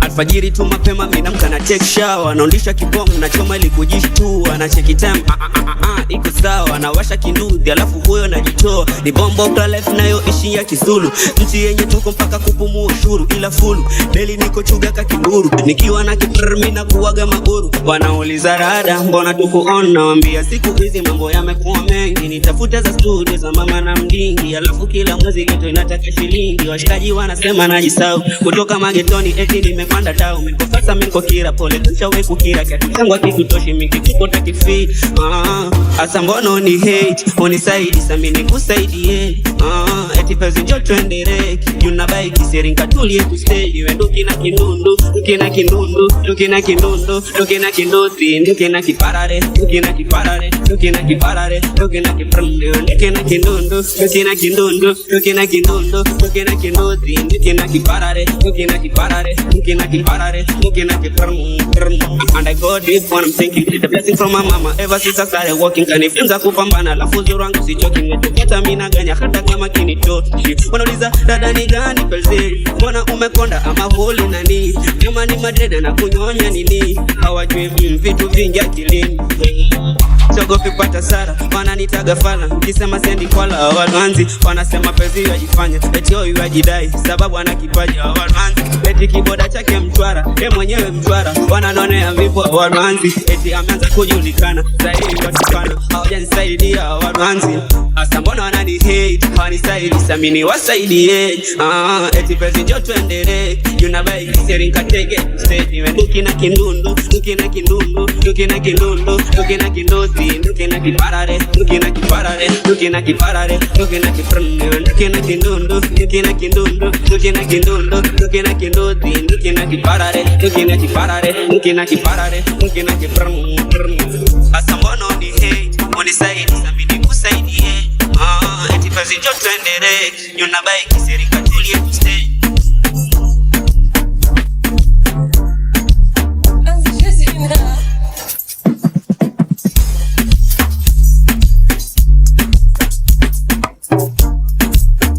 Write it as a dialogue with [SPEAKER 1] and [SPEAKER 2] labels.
[SPEAKER 1] Alfajiri tu mapema minamka na take shower, naondisha kibongo na choma ili kujishtua na cheki time, ah, ah, ah, iko sawa anawasha kinudhi alafu huyo najitoa ni bombo life nayo ishi ya Kizulu, nchi yenye tuko mpaka kupumua ushuru, ila fulu deli niko chuga ka kiburu, nikiwa na kitrmi na kuwaga maguru. Wanauliza rada, mbona tuko on? Nawambia siku hizi mambo yamekuwa mengi, nitafuta za studio za mama na mdingi, alafu kila mwezi geto inataka shilingi. Washikaji wanasema najisau kutoka magetoni, eti nimepanda tau mikofasa kira pole tushawe kukira kitu changu kikutoshi mikikipota kifii ah, asa mbononi hate unisaidi sami nikusaidie uh. Ah. Tifezo njo tuendere kinyuna baiki seringa tulie tusteli we duki na kindundu duki na kindundu duki na kindundu duki na kinduti duki na kiparare duki na kiparare duki na kiparare duki na kiprundu duki na duki na duki na duki na duki na kiparare duki na kiparare duki na kiparare duki na and I go deep when I'm thinking a blessing from my mama ever since I started walking kani films akupambana la fuzi si choking mina ganya hata kama ki nitoki Wanauliza dada ni gani pelzeli, mbona umekonda ama holi nani? nyuma ni madeda na kunyonya nini? Hawajui vitu vingi akilini Siogopi kupata sara, wananitaga fala, kisema sendi kwala, awalwanzi wanasema pezi yajifanya, eti yajidai, sababu ana kipaji awalwanzi eti kiboda chake mchwara, e mwenyewe mchwara, wananonea vipo wanwanzi eti ameanza kujulikana zaidi, watukana hawajanisaidia wanwanzi hasa, mbona wanani hate hawanisaidi samini wasaidie, ah, eti pesa njo tuendelee, junabai seringa tege stage na kindundu looking like a lulu, looking like a lulu, looking like a low, looking like a parade, looking like a parade, looking like a parade, looking like a friend, looking like a lulu, looking like a lulu, looking like a lulu, looking like a low, looking like a parade, looking like a parade, looking like a parade, looking like a friend. As you from from. Asambo no ni hey, unisaidi, sabidi kusaidi hey. Ah, eti fazi jo tuendelee, nyuna bike serikali yetu stay.